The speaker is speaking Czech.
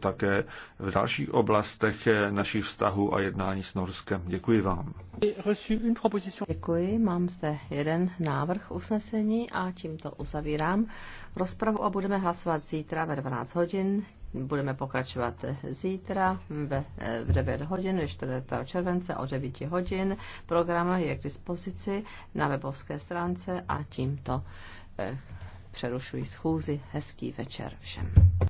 také v dalších oblastech našich vztahů a jednání s Norskem. Děkuji vám. Děkuji, mám zde jeden návrh usnesení a tímto uzavírám rozpravu a budeme hlasovat zítra ve 12 hodin. Budeme pokračovat zítra ve, v 9 hodin, ve 4. července o 9 hodin. Program je k dispozici na webovské stránce a tímto eh, přerušuji schůzi. Hezký večer všem.